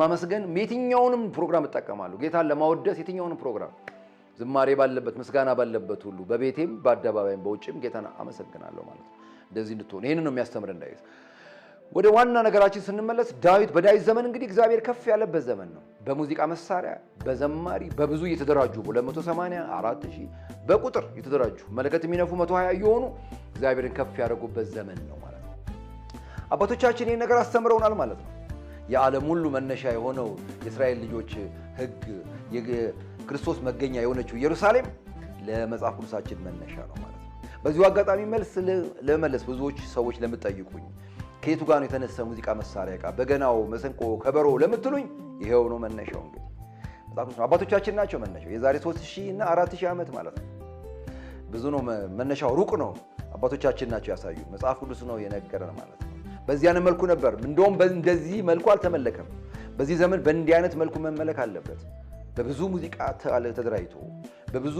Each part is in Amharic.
ለማመስገን የትኛውንም ፕሮግራም እጠቀማለሁ። ጌታን ለማወደስ የትኛውንም ፕሮግራም ዝማሬ ባለበት፣ ምስጋና ባለበት ሁሉ በቤቴም በአደባባይም በውጭም ጌታን አመሰግናለሁ ማለት ነው። እንደዚህ እንድትሆን ይህን ነው የሚያስተምረን ዳዊት። ወደ ዋና ነገራችን ስንመለስ ዳዊት በዳዊት ዘመን እንግዲህ እግዚአብሔር ከፍ ያለበት ዘመን ነው። በሙዚቃ መሳሪያ፣ በዘማሪ በብዙ እየተደራጁ 280 4000 በቁጥር የተደራጁ መለከት የሚነፉ 120 እየሆኑ እግዚአብሔርን ከፍ ያደረጉበት ዘመን ነው ማለት ነው። አባቶቻችን ይህን ነገር አስተምረውናል ማለት ነው። የዓለም ሁሉ መነሻ የሆነው የእስራኤል ልጆች ህግ ክርስቶስ መገኛ የሆነችው ኢየሩሳሌም ለመጽሐፍ ቅዱሳችን መነሻ ነው ማለት ነው። በዚሁ አጋጣሚ መልስ ለመመለስ ብዙዎች ሰዎች ለምጠይቁኝ ከየቱ ጋር ነው የተነሳ ሙዚቃ መሳሪያ ቃ በገናው፣ መሰንቆ፣ ከበሮ ለምትሉኝ ይሄው ነው መነሻው። እንግዲህ አባቶቻችን ናቸው መነሻው። የዛሬ 3000 እና 4000 ዓመት ማለት ነው። ብዙ ነው መነሻው፣ ሩቅ ነው። አባቶቻችን ናቸው ያሳዩ፣ መጽሐፍ ቅዱስ ነው የነገረን ማለት ነው። በዚህ አይነት መልኩ ነበር። እንደውም እንደዚህ መልኩ አልተመለከም። በዚህ ዘመን በእንዲህ አይነት መልኩ መመለክ አለበት። በብዙ ሙዚቃ ተደራጅቶ በብዙ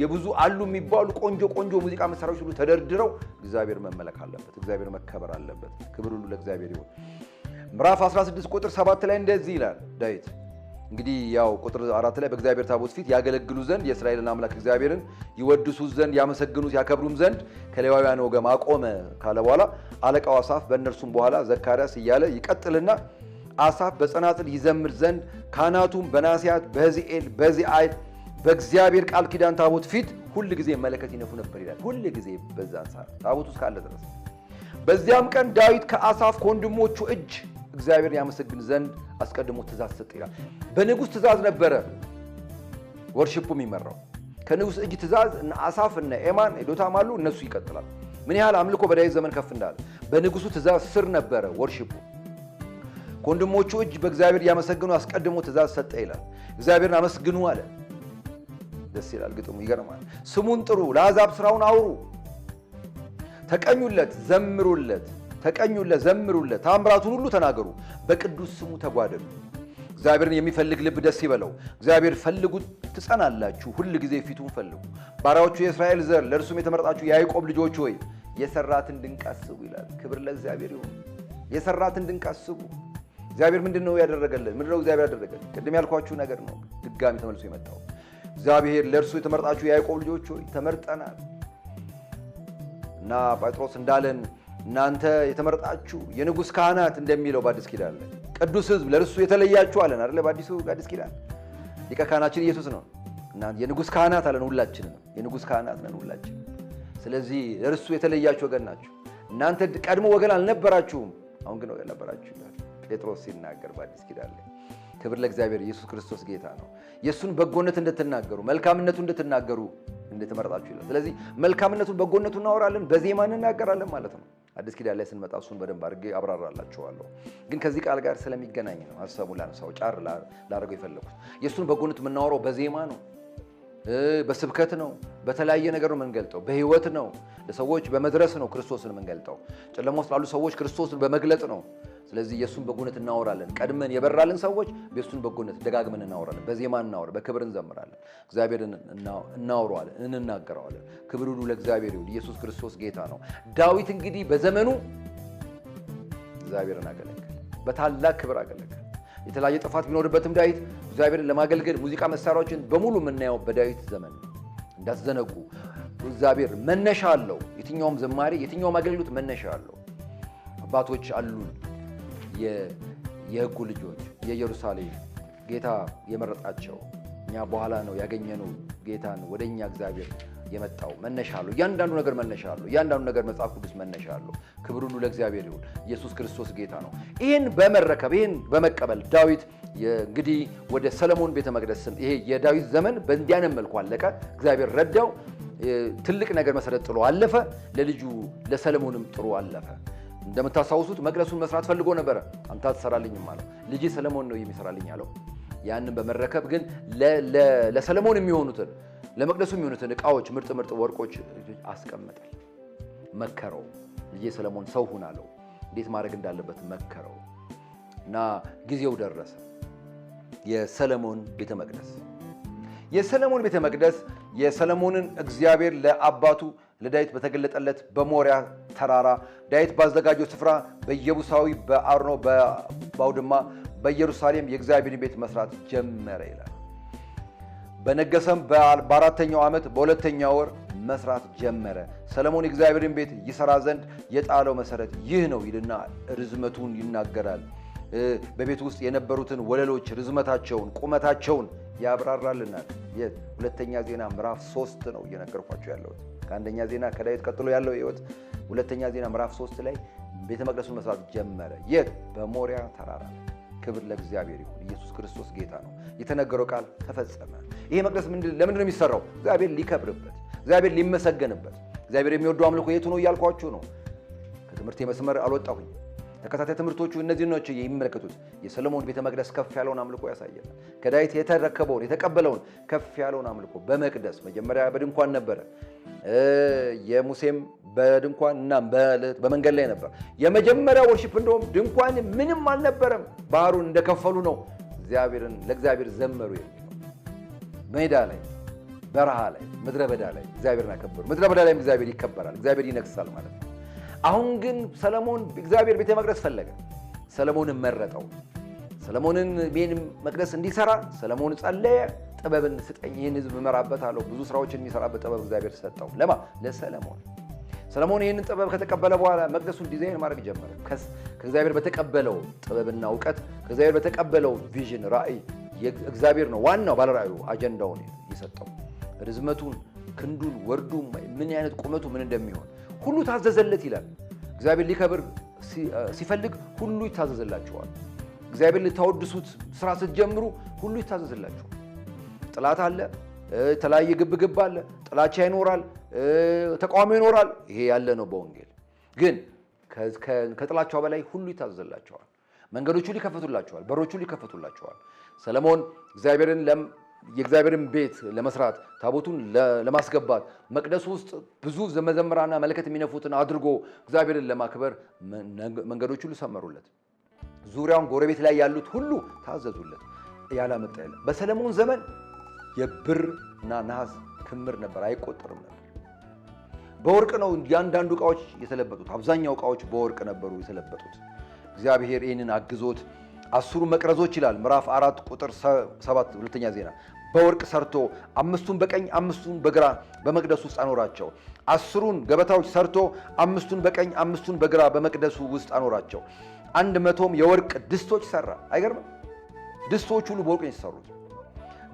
የብዙ አሉ የሚባሉ ቆንጆ ቆንጆ ሙዚቃ መሳሪያዎች ሁሉ ተደርድረው እግዚአብሔር መመለክ አለበት። እግዚአብሔር መከበር አለበት። ክብር ሁሉ ለእግዚአብሔር ይሁን። ምዕራፍ 16 ቁጥር 7 ላይ እንደዚህ ይላል ዳዊት እንግዲህ ያው ቁጥር አራት ላይ በእግዚአብሔር ታቦት ፊት ያገለግሉ ዘንድ የእስራኤልን አምላክ እግዚአብሔርን ይወድሱት ዘንድ ያመሰግኑት ያከብሩም ዘንድ ከሌዋውያን ወገን አቆመ ካለ በኋላ አለቃው አሳፍ በእነርሱም በኋላ ዘካርያስ እያለ ይቀጥልና አሳፍ በጸናጽል ይዘምር ዘንድ ካህናቱም በናሲያት በሕዚኤል በዚአይል በእግዚአብሔር ቃል ኪዳን ታቦት ፊት ሁል ጊዜ መለከት ይነፉ ነበር ይላል። ሁል ጊዜ በዛ ሰዓት ታቦት ውስጥ ካለ ድረስ በዚያም ቀን ዳዊት ከአሳፍ ከወንድሞቹ እጅ እግዚአብሔር ያመሰግን ዘንድ አስቀድሞ ትእዛዝ ሰጥ ይላል። በንጉሥ ትእዛዝ ነበረ ወርሽፑ የሚመራው። ከንጉሥ እጅ ትእዛዝ እነ አሳፍ እነ ኤማን ዶታም አሉ። እነሱ ይቀጥላል። ምን ያህል አምልኮ በዳዊት ዘመን ከፍ እንዳለ በንጉሱ ትእዛዝ ስር ነበረ ወርሽፑ። ከወንድሞቹ እጅ በእግዚአብሔር ያመሰግኑ አስቀድሞ ትእዛዝ ሰጠ ይላል። እግዚአብሔርን አመስግኑ አለ። ደስ ይላል። ግጥሙ ይገርማል። ስሙን ጥሩ፣ ለአሕዛብ ስራውን አውሩ፣ ተቀኙለት፣ ዘምሩለት ተቀኙለት፣ ዘምሩለት፣ ታምራቱን ሁሉ ተናገሩ፣ በቅዱስ ስሙ ተጓደሉ እግዚአብሔርን የሚፈልግ ልብ ደስ ይበለው። እግዚአብሔር ፈልጉት ትጸናላችሁ፣ ሁል ጊዜ ፊቱን ፈልጉ። ባሪያዎቹ የእስራኤል ዘር ለእርሱም የተመረጣችሁ የያዕቆብ ልጆች ሆይ የሰራትን ድንቅ አስቡ ይላል። ክብር ለእግዚአብሔር ይሁን። የሰራትን ድንቅ አስቡ። እግዚአብሔር ምንድን ነው ያደረገልን? ምንድን ነው እግዚአብሔር ያደረገልን? ቅድም ያልኳችሁ ነገር ነው ድጋሚ ተመልሶ የመጣው እግዚአብሔር ለእርሱ የተመረጣችሁ የያዕቆብ ልጆች ሆይ ተመርጠናል እና ጴጥሮስ እንዳለን እናንተ የተመረጣችሁ የንጉሥ ካህናት እንደሚለው በአዲስ ኪዳን ላይ ቅዱስ ሕዝብ ለርሱ የተለያችሁ አለን አይደለ? በአዲሱ አዲስ ኪዳን ሊቀ ካህናችን ኢየሱስ ነው። የንጉሥ ካህናት አለን ሁላችንም፣ የንጉሥ ካህናት ነን ሁላችን። ስለዚህ ለርሱ የተለያችሁ ወገን ናችሁ። እናንተ ቀድሞ ወገን አልነበራችሁም፣ አሁን ግን ወገን ነበራችሁ ይላል ጴጥሮስ ሲናገር በአዲስ ኪዳን ላይ። ክብር ለእግዚአብሔር። ኢየሱስ ክርስቶስ ጌታ ነው። የእሱን በጎነት እንድትናገሩ መልካምነቱ እንድትናገሩ እንደተመረጣችሁ ይላል። ስለዚህ መልካምነቱን በጎነቱ እናወራለን፣ በዜማ እንናገራለን ማለት ነው። አዲስ ኪዳን ላይ ስንመጣ እሱን በደንብ አድርጌ አብራራላችኋለሁ። ግን ከዚህ ቃል ጋር ስለሚገናኝ ነው ሀሳቡን ላነሳው ጫር ላደርገው የፈለኩት። የእሱን በጎነት የምናወራው በዜማ ነው፣ በስብከት ነው፣ በተለያየ ነገር ነው የምንገልጠው፣ በህይወት ነው፣ ለሰዎች በመድረስ ነው ክርስቶስን የምንገልጠው። ጨለማ ውስጥ ላሉ ሰዎች ክርስቶስን በመግለጥ ነው ስለዚህ የእሱን በጎነት እናወራለን። ቀድመን የበራልን ሰዎች የእሱን በጎነት ደጋግመን እናወራለን። በዜማ እናወራ፣ በክብር እንዘምራለን። እግዚአብሔርን እናወራዋለን፣ እንናገረዋለን። ክብር ሁሉ ለእግዚአብሔር ይሁን። ኢየሱስ ክርስቶስ ጌታ ነው። ዳዊት እንግዲህ በዘመኑ እግዚአብሔርን አገለገለ፣ በታላቅ ክብር አገለገለ። የተለያየ ጥፋት ቢኖርበትም ዳዊት እግዚአብሔርን ለማገልገል ሙዚቃ መሳሪያዎችን በሙሉ የምናየው በዳዊት ዘመን ነው። እንዳትዘነጉ እግዚአብሔር መነሻ አለው። የትኛውም ዘማሪ የትኛውም አገልግሎት መነሻ አለው። አባቶች አሉን። የህጉ ልጆች የኢየሩሳሌም ጌታ የመረጣቸው እኛ በኋላ ነው ያገኘነው ጌታን ወደ እኛ እግዚአብሔር የመጣው መነሻ አለው። እያንዳንዱ ነገር መነሻ አለው። እያንዳንዱ ነገር መጽሐፍ ቅዱስ መነሻ አለው። ክብር ሁሉ ለእግዚአብሔር ይሁን። ኢየሱስ ክርስቶስ ጌታ ነው። ይህን በመረከብ ይህን በመቀበል ዳዊት እንግዲህ ወደ ሰለሞን ቤተ መቅደስ ይሄ የዳዊት ዘመን በእንዲያነም መልኩ አለቀ። እግዚአብሔር ረዳው። ትልቅ ነገር መሰረት ጥሎ አለፈ። ለልጁ ለሰለሞንም ጥሩ አለፈ። እንደምታስታውሱት መቅደሱን መስራት ፈልጎ ነበረ። አንተ አትሰራልኝም አለው። ልጅ ሰለሞን ነው የሚሰራልኝ አለው። ያንን በመረከብ ግን ለሰለሞን የሚሆኑትን ለመቅደሱ የሚሆኑትን እቃዎች፣ ምርጥ ምርጥ ወርቆች አስቀመጠል። መከረው። ልጅ ሰለሞን ሰው ሁን አለው። እንዴት ማድረግ እንዳለበት መከረው እና ጊዜው ደረሰ። የሰለሞን ቤተ መቅደስ የሰለሞን ቤተ መቅደስ የሰለሞንን እግዚአብሔር ለአባቱ ለዳዊት በተገለጠለት በሞሪያ ተራራ ዳዊት ባዘጋጀው ስፍራ በየቡሳዊ በአርኖ በአውድማ በኢየሩሳሌም የእግዚአብሔር ቤት መስራት ጀመረ ይላል። በነገሰም በአራተኛው ዓመት በሁለተኛ ወር መስራት ጀመረ። ሰለሞን የእግዚአብሔርን ቤት ይሰራ ዘንድ የጣለው መሰረት ይህ ነው ይልና ርዝመቱን ይናገራል። በቤት ውስጥ የነበሩትን ወለሎች ርዝመታቸውን፣ ቁመታቸውን ያብራራልናል። ሁለተኛ ዜና ምዕራፍ ሶስት ነው እየነገርኳቸው ያለሁት። ከአንደኛ ዜና ከዳዊት ቀጥሎ ያለው ህይወት ሁለተኛ ዜና ምዕራፍ ሶስት ላይ ቤተ መቅደሱን መስራት ጀመረ። የት? በሞሪያ ተራራ። ክብር ለእግዚአብሔር ይሁን። ኢየሱስ ክርስቶስ ጌታ ነው። የተነገረው ቃል ተፈጸመ። ይሄ መቅደስ ለምንድን ነው የሚሰራው? እግዚአብሔር ሊከብርበት፣ እግዚአብሔር ሊመሰገንበት፣ እግዚአብሔር የሚወደው አምልኮ የቱ ነው እያልኳችሁ ነው። ከትምህርት የመስመር አልወጣሁኝ። ተከታታይ ትምህርቶቹ እነዚህ ናቸው የሚመለከቱት። የሰሎሞን ቤተ መቅደስ ከፍ ያለውን አምልኮ ያሳያል። ከዳዊት የተረከበውን የተቀበለውን ከፍ ያለውን አምልኮ በመቅደስ መጀመሪያ በድንኳን ነበረ። የሙሴም በድንኳን እና በመንገድ ላይ ነበር። የመጀመሪያ ወርሺፕ እንደውም ድንኳን ምንም አልነበረም። ባህሩን እንደከፈሉ ነው እግዚአብሔርን ለእግዚአብሔር ዘመሩ የሚለው ሜዳ ላይ በረሃ ላይ ምድረ በዳ ላይ እግዚአብሔርን አከበሩ። ምድረ በዳ ላይም እግዚአብሔር ይከበራል። እግዚአብሔር ይነግሳል ማለት ነው። አሁን ግን ሰለሞን እግዚአብሔር ቤተ መቅደስ ፈለገ። ሰለሞንን መረጠው። ሰለሞንን ቤን መቅደስ እንዲሰራ ሰለሞን ጸለየ። ጥበብን ስጠኝ፣ ይህን ህዝብ እመራበት አለው። ብዙ ስራዎችን የሚሰራበት ጥበብ እግዚአብሔር ሰጠው። ለማ ለሰለሞን ሰለሞን ይህንን ጥበብ ከተቀበለ በኋላ መቅደሱን ዲዛይን ማድረግ ጀመረ። ከእግዚአብሔር በተቀበለው ጥበብና እውቀት ከእግዚአብሔር በተቀበለው ቪዥን ራእይ እግዚአብሔር ነው ዋናው ባለራእዩ አጀንዳውን የሰጠው ርዝመቱን፣ ክንዱን፣ ወርዱ ምን አይነት ቁመቱ ምን እንደሚሆን ሁሉ ታዘዘለት ይላል። እግዚአብሔር ሊከብር ሲፈልግ ሁሉ ይታዘዝላችኋል። እግዚአብሔር ልታወድሱት ስራ ስትጀምሩ ሁሉ ይታዘዝላችኋል። ጥላት አለ፣ የተለያየ ግብግብ አለ፣ ጥላቻ ይኖራል፣ ተቃውሞ ይኖራል። ይሄ ያለ ነው በወንጌል ግን ከጥላቻው በላይ ሁሉ ይታዘዝላቸዋል። መንገዶቹ ሊከፈቱላቸዋል፣ በሮቹ ሊከፈቱላቸዋል። ሰለሞን እግዚአብሔርን የእግዚአብሔርን ቤት ለመስራት ታቦቱን ለማስገባት መቅደሱ ውስጥ ብዙ መዘምራና መለከት የሚነፉትን አድርጎ እግዚአብሔርን ለማክበር መንገዶች ሁሉ ሰመሩለት። ዙሪያውን ጎረቤት ላይ ያሉት ሁሉ ታዘዙለት። ያላመጣ የለ። በሰለሞን ዘመን የብርና ነሐስ ክምር ነበር፣ አይቆጠርም ነበር። በወርቅ ነው እያንዳንዱ እቃዎች የተለበጡት። አብዛኛው እቃዎች በወርቅ ነበሩ የተለበጡት። እግዚአብሔር ይህንን አግዞት አስሩ መቅረዞች ይላል ምዕራፍ አራት ቁጥር ሰባት ሁለተኛ ዜና በወርቅ ሰርቶ አምስቱን በቀኝ አምስቱን በግራ በመቅደሱ ውስጥ አኖራቸው። አስሩን ገበታዎች ሰርቶ አምስቱን በቀኝ አምስቱን በግራ በመቅደሱ ውስጥ አኖራቸው። አንድ መቶም የወርቅ ድስቶች ሰራ። አይገርምም? ድስቶች ሁሉ በወርቅ የተሰሩት።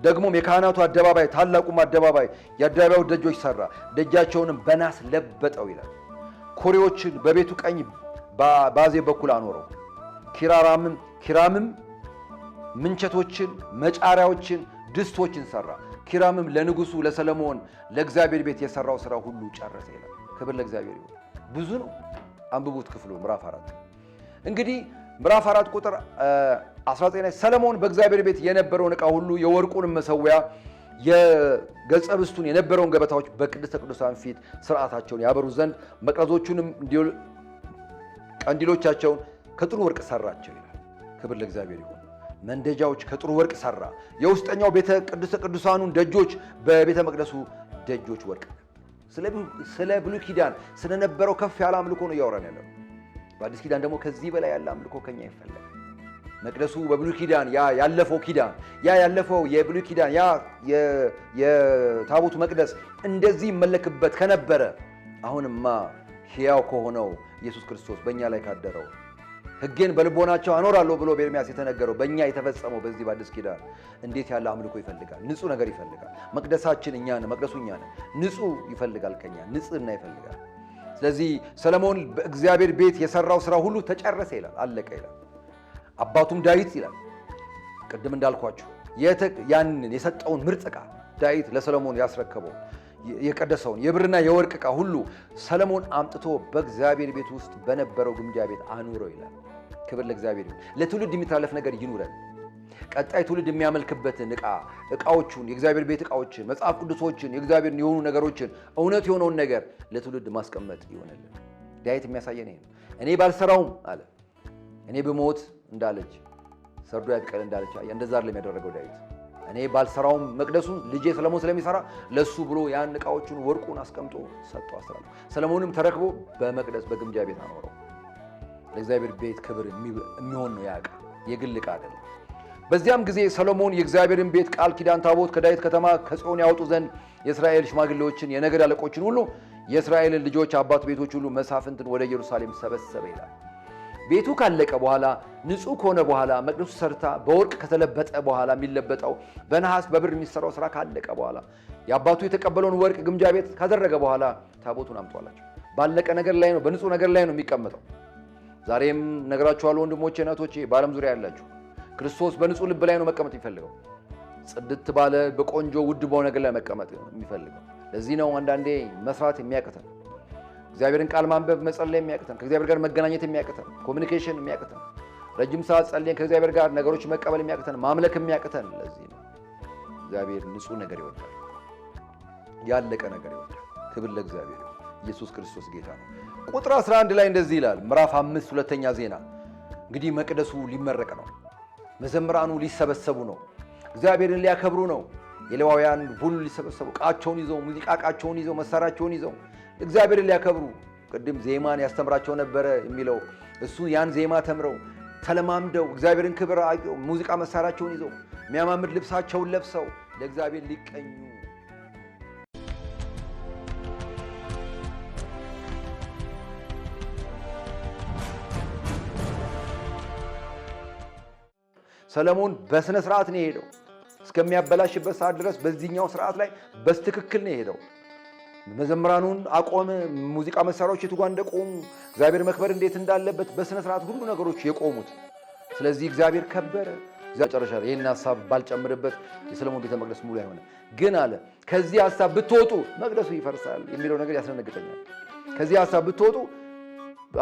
ደግሞም የካህናቱ አደባባይ ታላቁም አደባባይ የአደባባዩ ደጆች ሰራ፣ ደጃቸውንም በናስ ለበጠው ይላል። ኮሬዎችን በቤቱ ቀኝ ባዜ በኩል አኖረው። ኪራራምን ኪራምም ምንቸቶችን፣ መጫሪያዎችን፣ ድስቶችን ሰራ። ኪራምም ለንጉሱ ለሰለሞን ለእግዚአብሔር ቤት የሰራው ስራ ሁሉ ጨረሰ ይላል። ክብር ለእግዚአብሔር ይሁን። ብዙ ነው። አንብቡት ክፍሉ ምዕራፍ አራት እንግዲህ ምዕራፍ አራት ቁጥር 19 ላይ ሰለሞን በእግዚአብሔር ቤት የነበረውን ዕቃ ሁሉ የወርቁንም መሰዊያ የገጸ ብስቱን የነበረውን ገበታዎች በቅድስተ ቅዱሳን ፊት ስርዓታቸውን ያበሩ ዘንድ መቅረዞቹንም ቀንዲሎቻቸውን ከጥሩ ወርቅ ሰራቸው። ክብር ለእግዚአብሔር ይሁን። መንደጃዎች ከጥሩ ወርቅ ሰራ። የውስጠኛው ቤተ ቅዱስ ቅዱሳኑን ደጆች በቤተ መቅደሱ ደጆች ወርቅ። ስለ ብሉይ ኪዳን ስለነበረው ከፍ ያለ አምልኮ ነው እያወራን ያለው። በአዲስ ኪዳን ደግሞ ከዚህ በላይ ያለ አምልኮ ከኛ ይፈለግ። መቅደሱ በብሉይ ኪዳን ያ ያለፈው ኪዳን ያ ያለፈው የብሉይ ኪዳን ያ የታቦቱ መቅደስ እንደዚህ ይመለክበት ከነበረ አሁንማ ሕያው ከሆነው ኢየሱስ ክርስቶስ በእኛ ላይ ካደረው ሕጌን በልቦናቸው አኖራለሁ ብሎ በኤርሚያስ የተነገረው በእኛ የተፈጸመው በዚህ በአዲስ ኪዳን እንዴት ያለ አምልኮ ይፈልጋል። ንጹህ ነገር ይፈልጋል። መቅደሳችን እኛ ነን፣ መቅደሱ እኛ ነን። ንጹህ ይፈልጋል፣ ከኛ ንጽህና ይፈልጋል። ስለዚህ ሰለሞን በእግዚአብሔር ቤት የሰራው ስራ ሁሉ ተጨረሰ ይላል፣ አለቀ ይላል። አባቱም ዳዊት ይላል ቅድም እንዳልኳችሁ ያንን የሰጠውን ምርጥ ዕቃ ዳዊት ለሰለሞን ያስረከበው የቀደሰውን የብርና የወርቅ ዕቃ ሁሉ ሰለሞን አምጥቶ በእግዚአብሔር ቤት ውስጥ በነበረው ግምጃ ቤት አኑረው ይላል። ክብር ለእግዚአብሔር ይሁን። ለትውልድ የሚተላለፍ ነገር ይኑረን። ቀጣይ ትውልድ የሚያመልክበትን ዕቃ ዕቃዎቹን የእግዚአብሔር ቤት ዕቃዎችን መጽሐፍ ቅዱሶችን የእግዚአብሔርን የሆኑ ነገሮችን እውነት የሆነውን ነገር ለትውልድ ማስቀመጥ ይሆንልን። ዳዊት የሚያሳየን ይሄ ነው። እኔ ባልሰራውም አለ እኔ ብሞት እንዳለች ሰርዶ ያብቀል እንዳለች እንደዛ ለሚያደረገው ያደረገው ዳዊት እኔ ባልሰራውም መቅደሱን ልጄ ሰለሞን ስለሚሰራ ለሱ ብሎ ያን እቃዎቹን ወርቁን አስቀምጦ ሰጥቶ አስተላለፈ። ሰለሞንም ተረክቦ በመቅደስ በግምጃ ቤት አኖረው። ለእግዚአብሔር ቤት ክብር የሚሆን ነው ያ የግል ዕቃ አይደለም። በዚያም ጊዜ ሰሎሞን የእግዚአብሔርን ቤት ቃል ኪዳን ታቦት ከዳዊት ከተማ ከጽዮን ያወጡ ዘንድ የእስራኤል ሽማግሌዎችን፣ የነገድ አለቆችን ሁሉ፣ የእስራኤልን ልጆች አባት ቤቶች ሁሉ መሳፍንትን ወደ ኢየሩሳሌም ሰበሰበ ይላል። ቤቱ ካለቀ በኋላ ንጹህ ከሆነ በኋላ መቅደሱ ሰርታ በወርቅ ከተለበጠ በኋላ የሚለበጠው በነሐስ በብር የሚሰራው ስራ ካለቀ በኋላ የአባቱ የተቀበለውን ወርቅ ግምጃ ቤት ካደረገ በኋላ ታቦቱን አምጧላቸው። ባለቀ ነገር ላይ ነው፣ በንጹህ ነገር ላይ ነው የሚቀመጠው። ዛሬም ነገራችኋለሁ ወንድሞቼ፣ እናቶቼ በዓለም ዙሪያ ያላችሁ ክርስቶስ በንጹህ ልብ ላይ ነው መቀመጥ የሚፈልገው። ጽድት ባለ በቆንጆ ውድ በሆነ ነገር ላይ መቀመጥ የሚፈልገው። ለዚህ ነው አንዳንዴ መስራት የሚያቅተን እግዚአብሔርን ቃል ማንበብ መጸለይ የሚያቅተን፣ ከእግዚአብሔር ጋር መገናኘት የሚያቅተን፣ ኮሚኒኬሽን የሚያቅተን፣ ረጅም ሰዓት ጸልየን ከእግዚአብሔር ጋር ነገሮች መቀበል የሚያቅተን፣ ማምለክ የሚያቅተን። ለዚህ ነው እግዚአብሔር ንጹህ ነገር ይወዳል፣ ያለቀ ነገር ይወዳል። ክብር ለእግዚአብሔር። ኢየሱስ ክርስቶስ ጌታ ነው። ቁጥር 11 ላይ እንደዚህ ይላል። ምዕራፍ አምስት ሁለተኛ ዜና እንግዲህ መቅደሱ ሊመረቅ ነው፣ መዘምራኑ ሊሰበሰቡ ነው፣ እግዚአብሔርን ሊያከብሩ ነው። የሌዋውያን ሁሉ ሊሰበሰቡ ዕቃቸውን ይዘው ሙዚቃ ዕቃቸውን ይዘው መሳሪያቸውን ይዘው እግዚአብሔርን ሊያከብሩ ቅድም ዜማን ያስተምራቸው ነበረ የሚለው እሱ ያን ዜማ ተምረው ተለማምደው እግዚአብሔርን ክብር ሙዚቃ መሳሪያቸውን ይዘው የሚያማምድ ልብሳቸውን ለብሰው ለእግዚአብሔር ሊቀኙ ሰለሞን በሥነ ሥርዓት ነው የሄደው። እስከሚያበላሽበት ሰዓት ድረስ በዚህኛው ስርዓት ላይ በስትክክል ነው የሄደው። መዘምራኑን አቆመ። ሙዚቃ መሳሪያዎች የቱ ጋ እንደቆሙ እግዚአብሔር መክበር እንዴት እንዳለበት በስነ ስርዓት ሁሉ ነገሮች የቆሙት። ስለዚህ እግዚአብሔር ከበረ። መጨረሻ ይህን ሀሳብ ባልጨምርበት የሰለሞን ቤተ መቅደስ ሙሉ አይሆነ፣ ግን አለ ከዚህ ሀሳብ ብትወጡ መቅደሱ ይፈርሳል የሚለው ነገር ያስደነግጠኛል። ከዚህ ሀሳብ ብትወጡ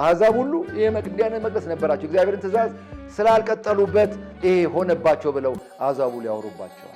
አሕዛብ ሁሉ ይሄ መቅደስ ነበራቸው፣ እግዚአብሔርን ትእዛዝ ስላልቀጠሉበት ይሄ ሆነባቸው ብለው አዛቡ ሁሉ ያወሩባቸዋል።